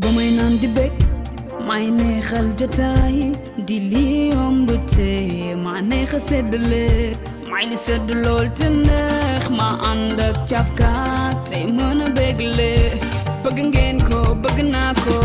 ba may naan di bég may neexal jotaay di lii yomb te ma neexa seddale may li sedd lool te neex ma ànd ak cafka te mën a bégle bëgg ngeen ko bëgg naa ko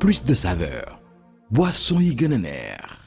plus de saveur boisson yi gën a neex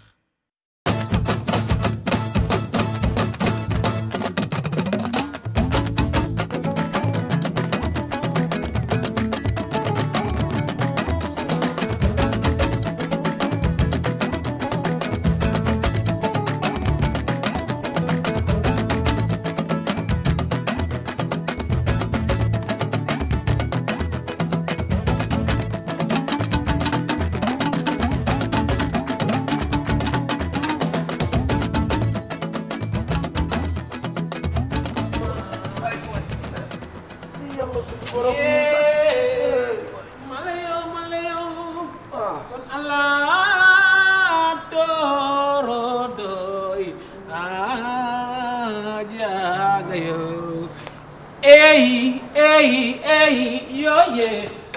eyi eyi eyi yo ye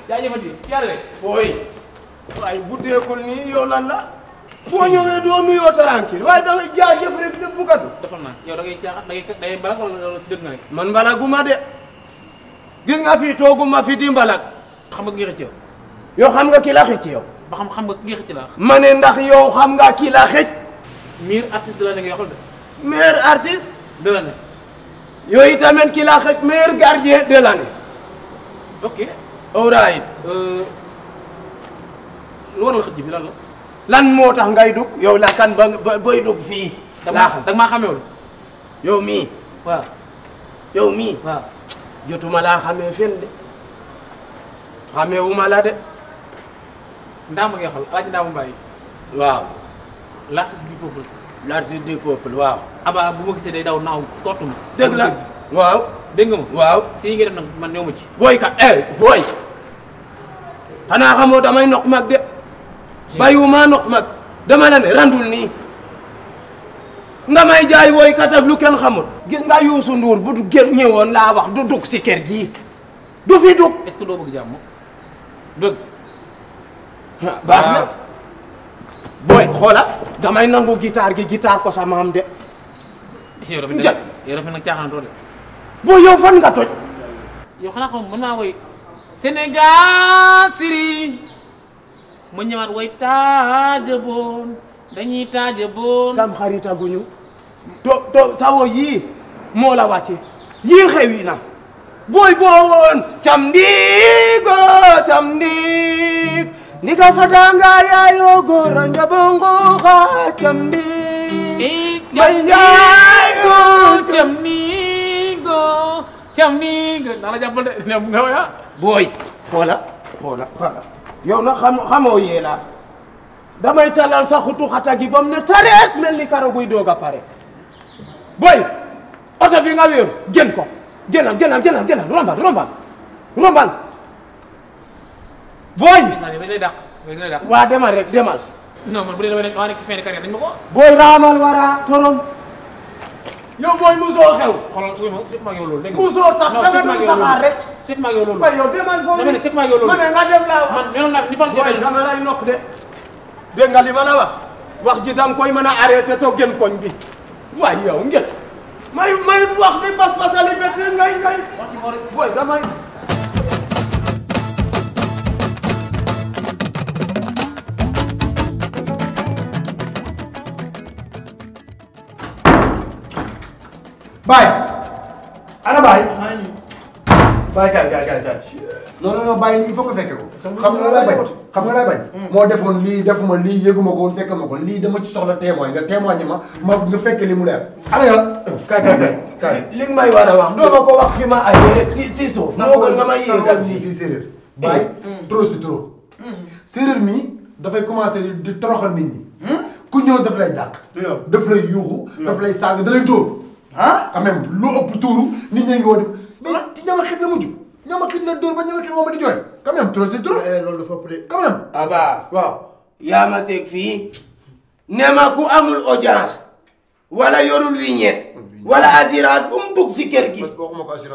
jaajëfati yarale booy waaye buddeekul nii yow lan la boo ñëwee doo nuyoo tranquille waaye da ngay jaajëf rek de bugatu dafa naa yow da ngay caaxaan da ngay da ngay mbalax wala si dëgg nga rek man mbalax gu de gis nga fii tooguma fi di xam nga ki nga xëcc yow. yow xam nga ki la ma ne ndax yow xam nga kii la xëcc. miir artiste de l'année nga xool yooyu tamit ki la xëcc meilleur gardien de euh, lan moo tax ngay dugg yow la kan ba ba booy dugg fii. laa xam da nga maa xamewul. yow mii. waaw. mii. jotuma laa xamee fen de xamee wu ma la de. ndaama ngay xool Alaaji Ndaama Mbaye. waaw. l'artiste du peuple. l'artiste du peuple waaw. Aba bu ma gisee day daw naaw kottu ma. dëgg la waaw. dégg nga waaw. si yi nga man ñëw ma ci. booy ka eh booy. xanaa xamoo damay noq mag de. bàyyiwuma noq mag dama la ne randul nii. nga may jaay woykat ak lu kenn xamul. gis nga Youssou Ndour bu gën ñëwoon laa wax du dugg si ker gii du fi dugg. est-ce que doo bëgg jàmm dëgg. baax na ah. booy xoola damay nangu guitare gi guitare ko sama am de. yow boo yow fan nga toj. yow xanaa xam mën naa woy Sénégal siri ma ñëwaat woy taajaboon dañuy taajaboon. tam xaritaguñu. to to sawo yii moo la wàcce yii xewi na boy bowoon cam ndiigo cam ndiig ndiga fatanga yaayo gora njabongo xa cam ndiig eh, cam ndiig nana jàppal de ne yow na xam xamoo yeela damay talal sa xutu xata gi bam ne tareet mel ni karo buy doog a pare boy oto bi nga wéeru génn ko génnal génnal génnal génnal rombal rombal rombal booy. waa demal rek demal. non man bu dee dama nekk ci fin de carrière dañ ma ko wax. booy raamal wara torom. yow booy musoo xew. xoolal uy ma surtout maa ngi loolu léegi. musoo tax danga doon saxaar rek. surtout maa ngi loolu waaye yow demal foofu. dama ne surtout maa ngi loolu ma ne nga dem laa wax. man meloon naa ni fan. booy dama lay nokk de. dégg nga li ma la wax. wax ji dam koy mën a arrêté toog génn koñ bi. waay yow ngeen may may wax di pas-pasali bett ngay ngay booy damay bàyyi bàyyi kaay kaay kaay kaay. non non non bàyyi lii il faut que mm. moo defoon lii defuma lii yëguma ko fekk ma ko lii dama ci soxla témoin nga témoigné ma ma nga fekk li mu leer. ana yoon. kaay kaay kaay kaay. li may war a wax doo ma ko wax fi ma ay si si suuf. moo ko nga may yéegal fii fii séeréer. bàyyi mm. Mm. trop si trop. séeréer mi dafay commencé di toroxal nit ñi. ku ñëw daf lay dàq. daf lay yuuxu. daf lay sàng da lay dóor. ah quand même lu ëpp tuuru nit ñi ngi woon mais ñama xit la mujj ñama xit la dóor ba ñama xit woo ma di jooy quand même trop c'est eh, trop loolu dafa ëpp quand même aba ah waaw yaa ma teg fii ne ma ku amul audience wala yorul vignette wala assurance bu mu dugg si kër gi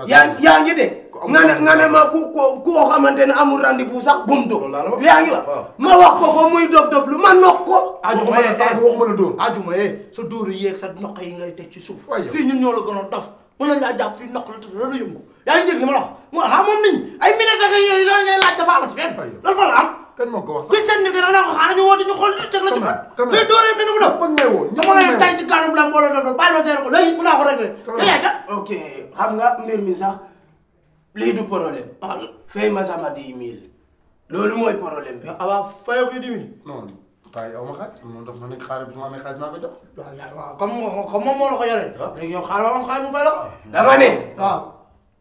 yaa ngi de nga ne ne ma ku ko koo xamante ne amul rendez-vous bum do wax ma wax ko ko muy dof dof lu ma nokk ko ajuma waxuma la dóor ajuma sa dóor yi yeeg sa yi ngay teg ci suuf fii ñun ñoo la gën a dof mën nañ laa jàpp fii ndox la tudd loolu yëngu yaa ngi dégg li ma la wax mu ah moom nit ñi ay minute ak yooyu loolu ngay laaj dafa amati fenn loolu fa la am kan moo naa ko xaar ñu woote ñu xool teg la ci fa fii dóoree dina ko def bañ may woo dama lay tay ci la mbooloo def naa ko réglé yaay ok xam nga mbir mi sax lii du problème fay ma sama dix mille loolu mooy problème bi ah waa fayoo ko dix waaye yow ma xaalis moom dafa ma nekk xaalis bi su ma amee xaalis maa ko jox. waaw comme comme la ko yoree. ma xaalis mu fay la ko. dama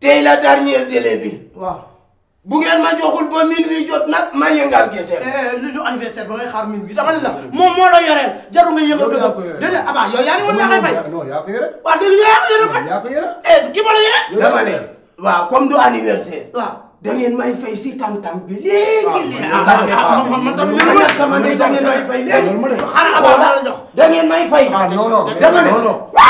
tey la dernier délai bi. waaw bu ngeen ma joxul ba minuit jot nag ma yëngal gese. lu du anniversaire ba ngay xaar minuit dama ne la moom moo yoreel jarul nga yëngal gese. déedéet yaa ni woon yaa koy fay. yaa ko yore. waaw léegi yow yaa ko yore. yaa ko yore. waaw comme du anniversaire. waaw da ngeen may fay si tàntàng bi léegi. ah man tamit sama ndey da ngeen may fay léegi. xanaa wala da ngeen may fay. ah non non dama ne. waaw.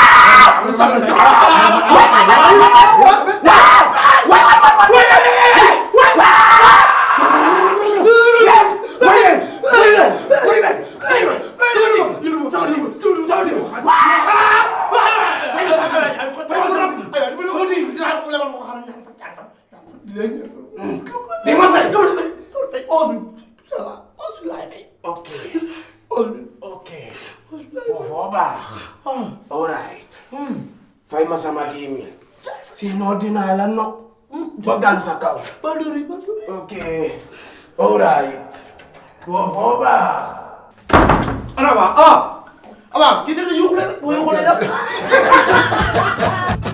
di ma fay doo fay doo fay onze bi ça va onze bi laay fay. ok onze bi ok. foo baax. all right. Mm. fay ma sama dix mille. sinon dinaa la nokk. Mm. ba gàll sa kaw. ba dori ba dori. ok all right. foo baax. ana waa ah. ah waa kii dëgg yu xule rek mooy xule rek.